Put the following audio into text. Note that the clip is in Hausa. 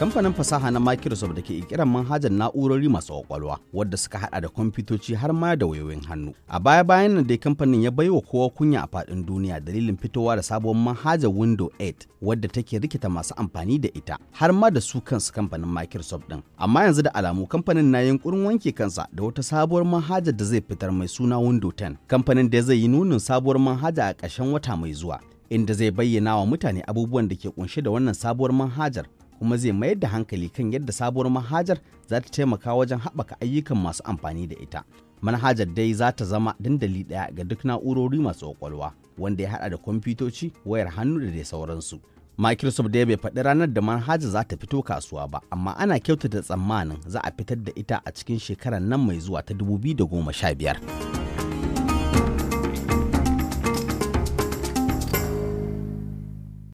Kamfanin fasaha na Microsoft da ke ikiran manhajar na'urori masu kwakwalwa wadda suka hada da kwamfutoci har ma da wayoyin hannu. A baya bayan nan dai kamfanin ya baiwa kowa kunya a faɗin duniya dalilin fitowa da sabuwar manhajar Windows 8 wadda take rikita masu amfani da ita har ma da su kansu kamfanin Microsoft din. Amma yanzu da alamu kamfanin na yunkurin wanke kansa da wata sabuwar manhajar da zai fitar mai suna Windows 10. Kamfanin da zai yi nunin sabuwar manhaja a ƙarshen wata mai zuwa. inda zai bayyana wa mutane abubuwan da ke kunshe da wannan sabuwar manhajar kuma zai mayar da hankali kan yadda sabuwar manhajar za ta taimaka wajen haɓaka ayyukan masu amfani da ita. Manhajar dai za ta zama dandali ɗaya ga duk na'urori masu ƙwaƙwalwa wanda ya haɗa da kwamfutoci, wayar hannu da dai sauransu. Microsoft dai bai faɗi ranar da manhaja za ta fito kasuwa ba, amma ana kyautata tsammanin za a fitar da ita a cikin shekarar nan mai zuwa ta 2015.